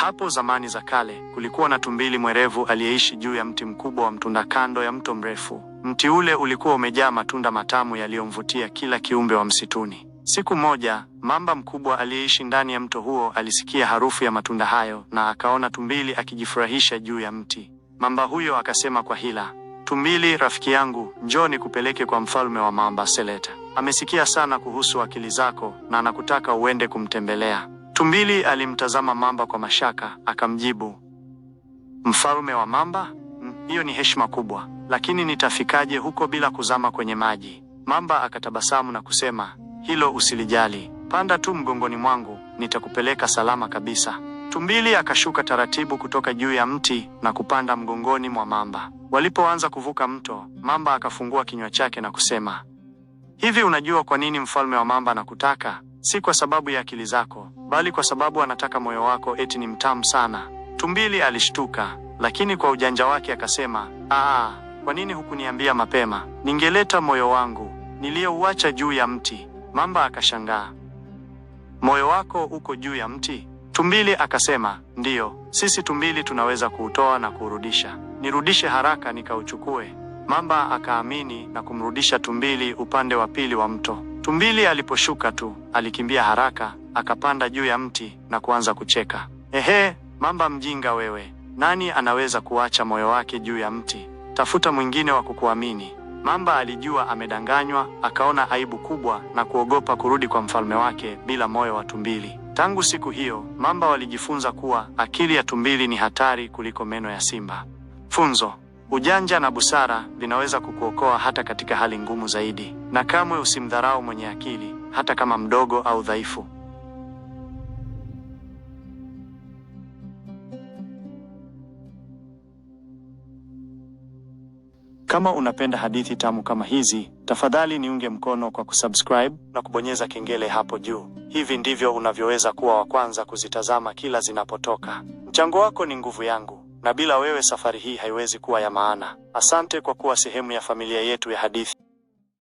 Hapo zamani za kale kulikuwa na tumbili mwerevu aliyeishi juu ya mti mkubwa wa mtunda kando ya mto mrefu. Mti ule ulikuwa umejaa matunda matamu yaliyomvutia kila kiumbe wa msituni. Siku moja, mamba mkubwa aliyeishi ndani ya mto huo alisikia harufu ya matunda hayo na akaona tumbili akijifurahisha juu ya mti. Mamba huyo akasema kwa hila, Tumbili rafiki yangu, njoo nikupeleke kwa mfalme wa mamba Seleta. Amesikia sana kuhusu akili zako na anakutaka uende kumtembelea. Tumbili alimtazama mamba kwa mashaka, akamjibu, mfalme wa mamba? Hiyo ni heshima kubwa, lakini nitafikaje huko bila kuzama kwenye maji? Mamba akatabasamu na kusema, hilo usilijali, panda tu mgongoni mwangu, nitakupeleka salama kabisa. Tumbili akashuka taratibu kutoka juu ya mti na kupanda mgongoni mwa mamba. Walipoanza kuvuka mto, mamba akafungua kinywa chake na kusema, hivi unajua kwa nini mfalme wa mamba anakutaka? Si kwa sababu ya akili zako, bali kwa sababu anataka moyo wako eti ni mtamu sana. Tumbili alishtuka, lakini kwa ujanja wake akasema, aa, kwa nini hukuniambia mapema? Ningeleta moyo wangu niliyouacha juu ya mti. Mamba akashangaa, moyo wako uko juu ya mti? Tumbili akasema, ndiyo, sisi tumbili tunaweza kuutoa na kuurudisha. Nirudishe haraka nikauchukue. Mamba akaamini na kumrudisha tumbili upande wa pili wa mto. Tumbili aliposhuka tu alikimbia haraka akapanda juu ya mti na kuanza kucheka. Ehe, mamba mjinga wewe, nani anaweza kuacha moyo wake juu ya mti? Tafuta mwingine wa kukuamini. Mamba alijua amedanganywa, akaona aibu kubwa na kuogopa kurudi kwa mfalme wake bila moyo wa tumbili. Tangu siku hiyo, mamba walijifunza kuwa akili ya tumbili ni hatari kuliko meno ya simba. Funzo: ujanja na busara vinaweza kukuokoa hata katika hali ngumu zaidi, na kamwe usimdharau mwenye akili, hata kama mdogo au dhaifu. Kama unapenda hadithi tamu kama hizi, tafadhali niunge mkono kwa kusubscribe na kubonyeza kengele hapo juu. Hivi ndivyo unavyoweza kuwa wa kwanza kuzitazama kila zinapotoka. Mchango wako ni nguvu yangu, na bila wewe safari hii haiwezi kuwa ya maana. Asante kwa kuwa sehemu ya familia yetu ya hadithi.